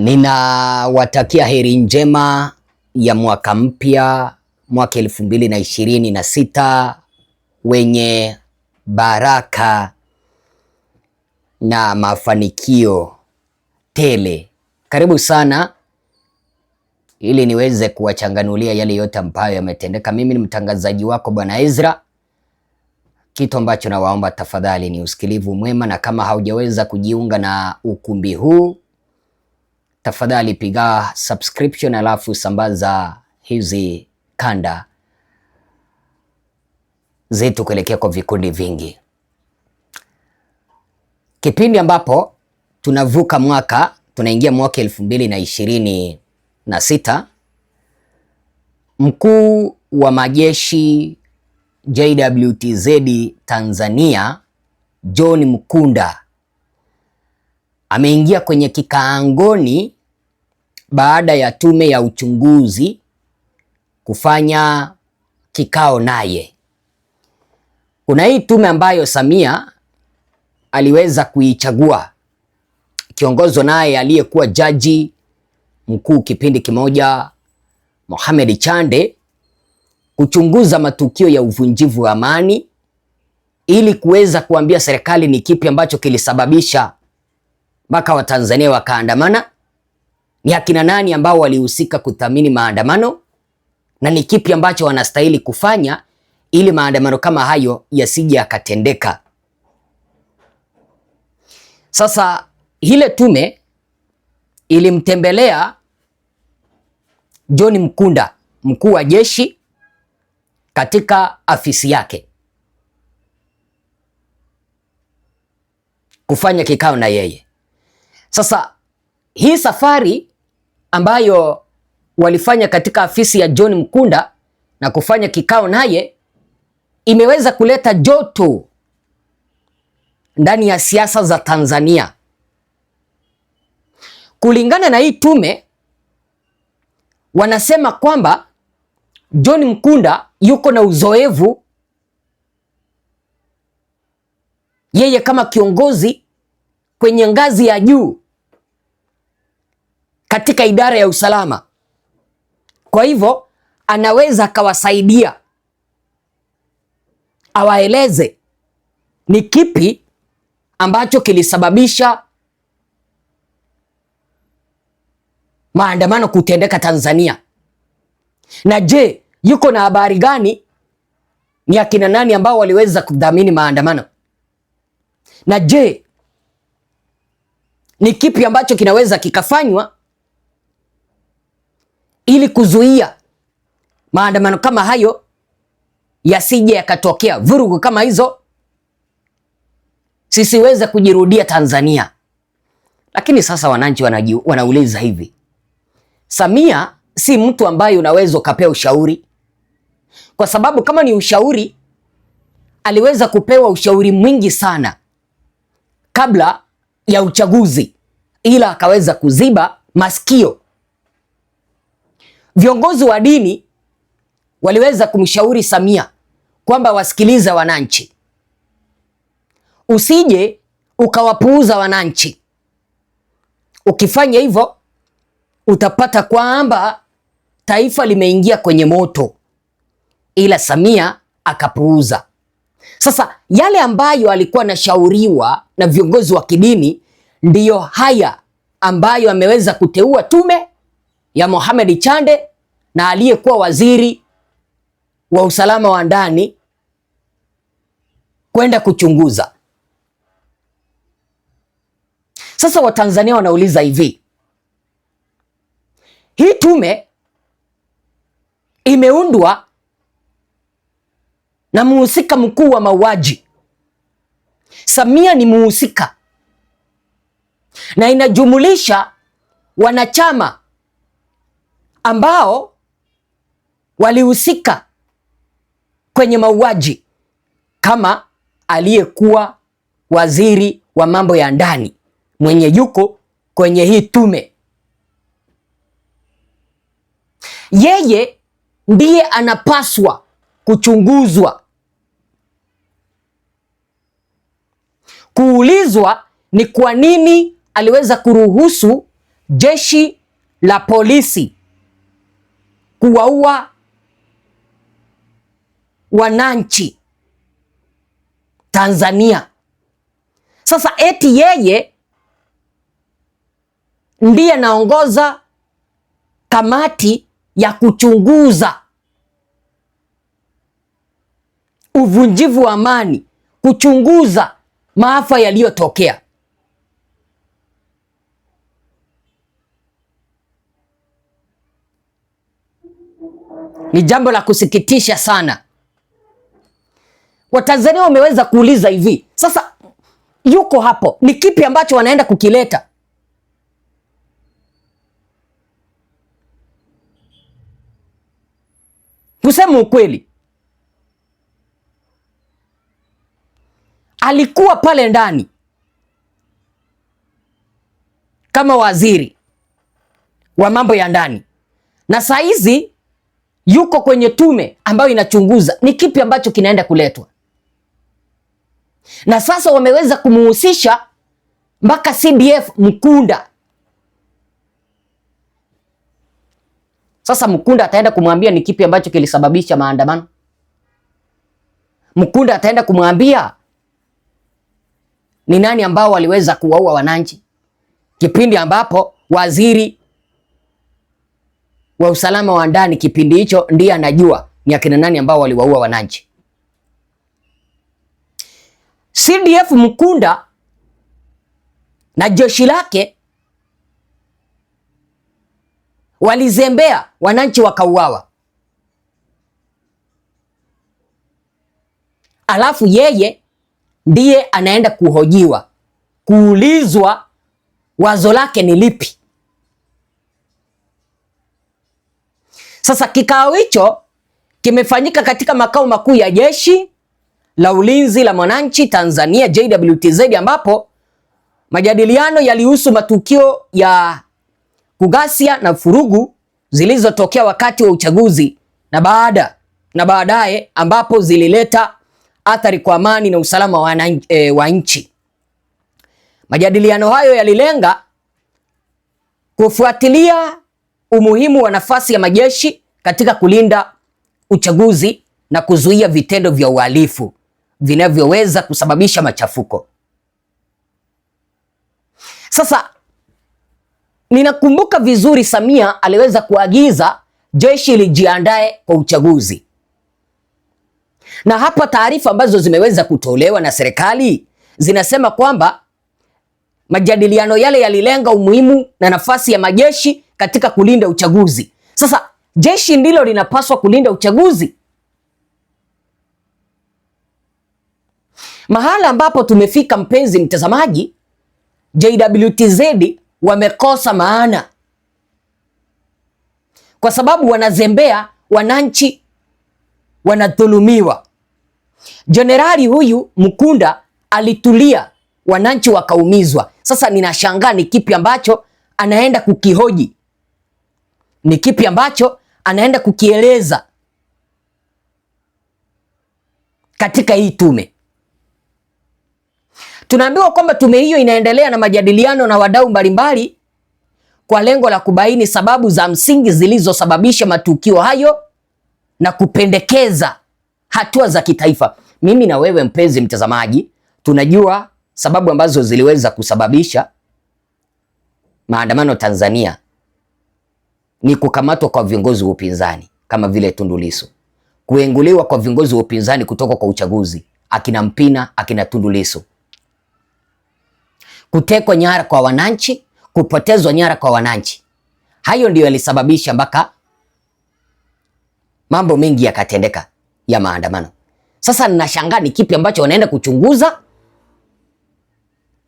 Ninawatakia heri njema ya mwaka mpya, mwaka elfu mbili na ishirini na sita wenye baraka na mafanikio tele. Karibu sana ili niweze kuwachanganulia yale yote ambayo yametendeka. Mimi ni mtangazaji wako Bwana Ezra. Kitu ambacho nawaomba tafadhali ni usikilivu mwema, na kama haujaweza kujiunga na ukumbi huu tafadhali piga subscription alafu sambaza hizi kanda zetu kuelekea kwa vikundi vingi, kipindi ambapo tunavuka mwaka tunaingia mwaka elfu mbili na ishirini na sita. Mkuu wa majeshi JWTZ Tanzania John Mkunda ameingia kwenye kikaangoni baada ya tume ya uchunguzi kufanya kikao naye. Kuna hii tume ambayo Samia aliweza kuichagua kiongozwa naye aliyekuwa jaji mkuu kipindi kimoja Mohamed Chande kuchunguza matukio ya uvunjivu wa amani ili kuweza kuambia serikali ni kipi ambacho kilisababisha mpaka Watanzania wakaandamana ni akina nani ambao walihusika kuthamini maandamano na ni kipi ambacho wanastahili kufanya ili maandamano kama hayo yasije yakatendeka. Sasa ile tume ilimtembelea John Mkunda, mkuu wa jeshi katika afisi yake kufanya kikao na yeye. Sasa hii safari ambayo walifanya katika afisi ya John Mkunda na kufanya kikao naye imeweza kuleta joto ndani ya siasa za Tanzania. Kulingana na hii tume, wanasema kwamba John Mkunda yuko na uzoefu yeye kama kiongozi kwenye ngazi ya juu katika idara ya usalama. Kwa hivyo anaweza akawasaidia awaeleze ni kipi ambacho kilisababisha maandamano kutendeka Tanzania, na je, yuko na habari gani? Ni akina nani ambao waliweza kudhamini maandamano? Na je, ni kipi ambacho kinaweza kikafanywa ili kuzuia maandamano kama hayo yasije yakatokea vurugu kama hizo sisiweze kujirudia Tanzania. Lakini sasa wananchi wanauliza hivi, Samia si mtu ambaye unaweza ukapewa ushauri, kwa sababu kama ni ushauri aliweza kupewa ushauri mwingi sana kabla ya uchaguzi, ila akaweza kuziba masikio Viongozi wa dini waliweza kumshauri Samia kwamba wasikiliza wananchi, usije ukawapuuza wananchi. Ukifanya hivyo utapata kwamba taifa limeingia kwenye moto, ila Samia akapuuza. Sasa yale ambayo alikuwa anashauriwa na viongozi wa kidini ndiyo haya ambayo ameweza kuteua tume ya Mohamed Chande na aliyekuwa waziri wa usalama wa ndani kwenda kuchunguza. Sasa Watanzania wanauliza hivi, hii tume imeundwa na muhusika mkuu wa mauaji. Samia ni muhusika na inajumulisha wanachama ambao walihusika kwenye mauaji kama aliyekuwa waziri wa mambo ya ndani mwenye yuko kwenye hii tume. Yeye ndiye anapaswa kuchunguzwa, kuulizwa ni kwa nini aliweza kuruhusu jeshi la polisi kuwaua wananchi Tanzania. Sasa eti yeye ndiye anaongoza kamati ya kuchunguza uvunjivu wa amani, kuchunguza maafa yaliyotokea. Ni jambo la kusikitisha sana. Watanzania wameweza kuuliza hivi sasa, yuko hapo, ni kipi ambacho wanaenda kukileta? Kusema ukweli, alikuwa pale ndani kama waziri wa mambo ya ndani na saa hizi yuko kwenye tume ambayo inachunguza ni kipi ambacho kinaenda kuletwa, na sasa wameweza kumuhusisha mpaka CDF Mkunda. Sasa Mkunda ataenda kumwambia ni kipi ambacho kilisababisha maandamano. Mkunda ataenda kumwambia ni nani ambao waliweza kuwaua wananchi, kipindi ambapo waziri wa usalama wa ndani kipindi hicho ndiye anajua ni akina nani ambao waliwaua wananchi. CDF Mkunda na jeshi lake walizembea, wananchi wakauawa, alafu yeye ndiye anaenda kuhojiwa, kuulizwa wazo lake ni lipi Sasa kikao hicho kimefanyika katika makao makuu ya jeshi la ulinzi la mwananchi Tanzania JWTZ, ambapo majadiliano yalihusu matukio ya kugasia na furugu zilizotokea wakati wa uchaguzi na baada na baadaye, ambapo zilileta athari kwa amani na usalama wa, e, wa nchi. Majadiliano hayo yalilenga kufuatilia umuhimu wa nafasi ya majeshi katika kulinda uchaguzi na kuzuia vitendo vya uhalifu vinavyoweza kusababisha machafuko. Sasa ninakumbuka vizuri, Samia aliweza kuagiza jeshi lijiandae kwa uchaguzi, na hapa taarifa ambazo zimeweza kutolewa na serikali zinasema kwamba majadiliano yale yalilenga umuhimu na nafasi ya majeshi katika kulinda uchaguzi. Sasa jeshi ndilo linapaswa kulinda uchaguzi. Mahala ambapo tumefika, mpenzi mtazamaji, JWTZ wamekosa maana, kwa sababu wanazembea wananchi, wanadhulumiwa. Jenerali huyu Mkunda alitulia, wananchi wakaumizwa. Sasa ninashangaa ni kipi ambacho anaenda kukihoji ni kipi ambacho anaenda kukieleza katika hii tume. Tunaambiwa kwamba tume hiyo inaendelea na majadiliano na wadau mbalimbali kwa lengo la kubaini sababu za msingi zilizosababisha matukio hayo na kupendekeza hatua za kitaifa. Mimi na wewe mpenzi mtazamaji, tunajua sababu ambazo ziliweza kusababisha maandamano Tanzania ni kukamatwa kwa viongozi wa upinzani kama vile Tundu Lissu, kuenguliwa kwa viongozi wa upinzani kutoka kwa uchaguzi, akina Mpina, akina Tundu Lissu, kutekwa nyara kwa wananchi, kupotezwa nyara kwa wananchi. Hayo ndiyo yalisababisha mpaka mambo mengi yakatendeka ya maandamano. Sasa ninashangaa ni kipi ambacho wanaenda kuchunguza,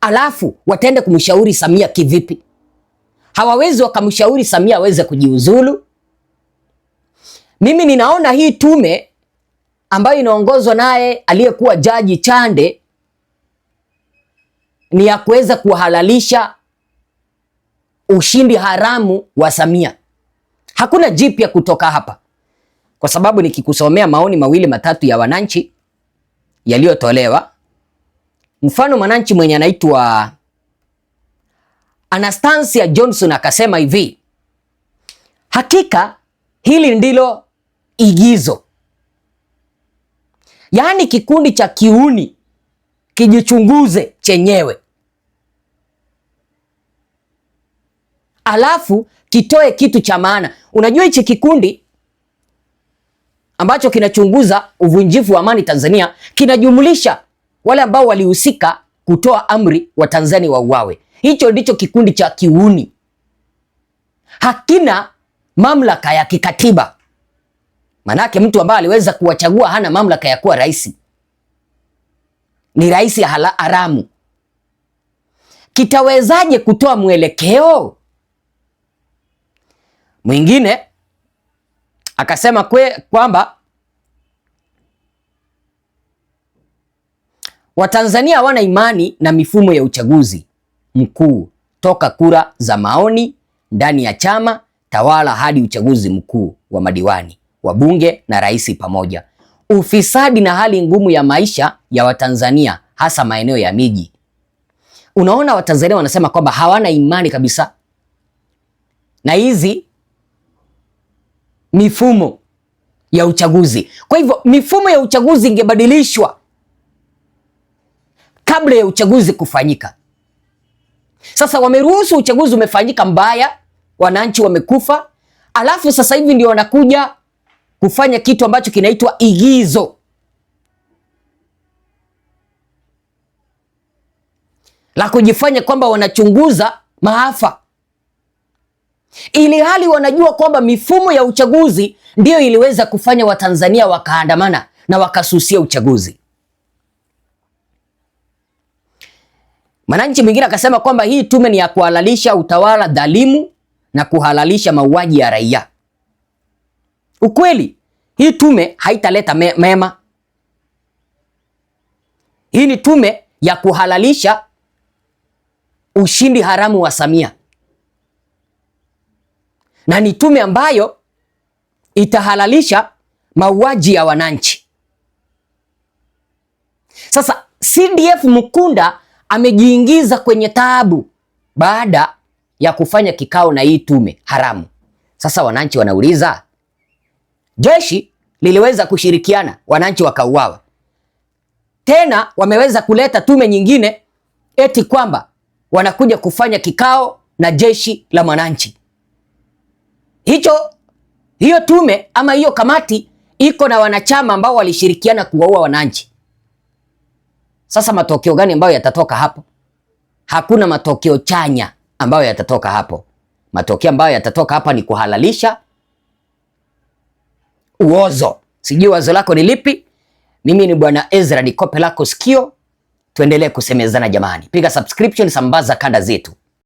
alafu wataenda kumshauri Samia kivipi? hawawezi wakamshauri Samia aweze kujiuzulu. Mimi ninaona hii tume ambayo inaongozwa naye aliyekuwa Jaji Chande ni ya kuweza kuhalalisha ushindi haramu wa Samia. Hakuna jipya kutoka hapa, kwa sababu nikikusomea maoni mawili matatu ya wananchi yaliyotolewa, mfano mwananchi mwenye anaitwa Anastasia Johnson akasema hivi, hakika hili ndilo igizo, yaani kikundi cha kiuni kijichunguze chenyewe alafu kitoe kitu cha maana. Unajua hichi kikundi ambacho kinachunguza uvunjifu wa amani Tanzania kinajumulisha wale ambao walihusika kutoa amri wa tanzania wauawe. Hicho ndicho kikundi cha kiuni, hakina mamlaka ya kikatiba. Manake mtu ambaye aliweza kuwachagua hana mamlaka ya kuwa rais, ni rais haramu. Kitawezaje kutoa mwelekeo mwingine? Akasema kwe Watanzania hawana imani na mifumo ya uchaguzi mkuu toka kura za maoni ndani ya chama tawala hadi uchaguzi mkuu wa madiwani, wa bunge na rais pamoja. Ufisadi na hali ngumu ya maisha ya Watanzania hasa maeneo ya miji. Unaona, Watanzania wanasema kwamba hawana imani kabisa na hizi mifumo ya uchaguzi. Kwa hivyo mifumo ya uchaguzi ingebadilishwa kabla ya uchaguzi kufanyika. Sasa wameruhusu uchaguzi umefanyika mbaya, wananchi wamekufa, alafu sasa hivi ndio wanakuja kufanya kitu ambacho kinaitwa igizo. la kujifanya kwamba wanachunguza maafa ili hali wanajua kwamba mifumo ya uchaguzi ndiyo iliweza kufanya Watanzania wakaandamana na wakasusia uchaguzi. Mwananchi mwingine akasema kwamba hii tume ni ya kuhalalisha utawala dhalimu na kuhalalisha mauaji ya raia. Ukweli hii tume haitaleta me mema. Hii ni tume ya kuhalalisha ushindi haramu wa Samia, na ni tume ambayo itahalalisha mauaji ya wananchi. Sasa CDF Mukunda amejiingiza kwenye taabu baada ya kufanya kikao na hii tume haramu. Sasa wananchi wanauliza, jeshi liliweza kushirikiana, wananchi wakauawa, tena wameweza kuleta tume nyingine eti kwamba wanakuja kufanya kikao na jeshi la mwananchi. Hicho hiyo tume ama hiyo kamati iko na wanachama ambao walishirikiana kuwaua wananchi. Sasa matokeo gani ambayo yatatoka hapo? Hakuna matokeo chanya ambayo yatatoka hapo. Matokeo ambayo yatatoka hapa ni kuhalalisha uozo. Sijui wazo lako ni lipi? Mimi ni Bwana Ezra, ni kope lako sikio. Tuendelee kusemezana jamani, piga subscription, sambaza kanda zetu.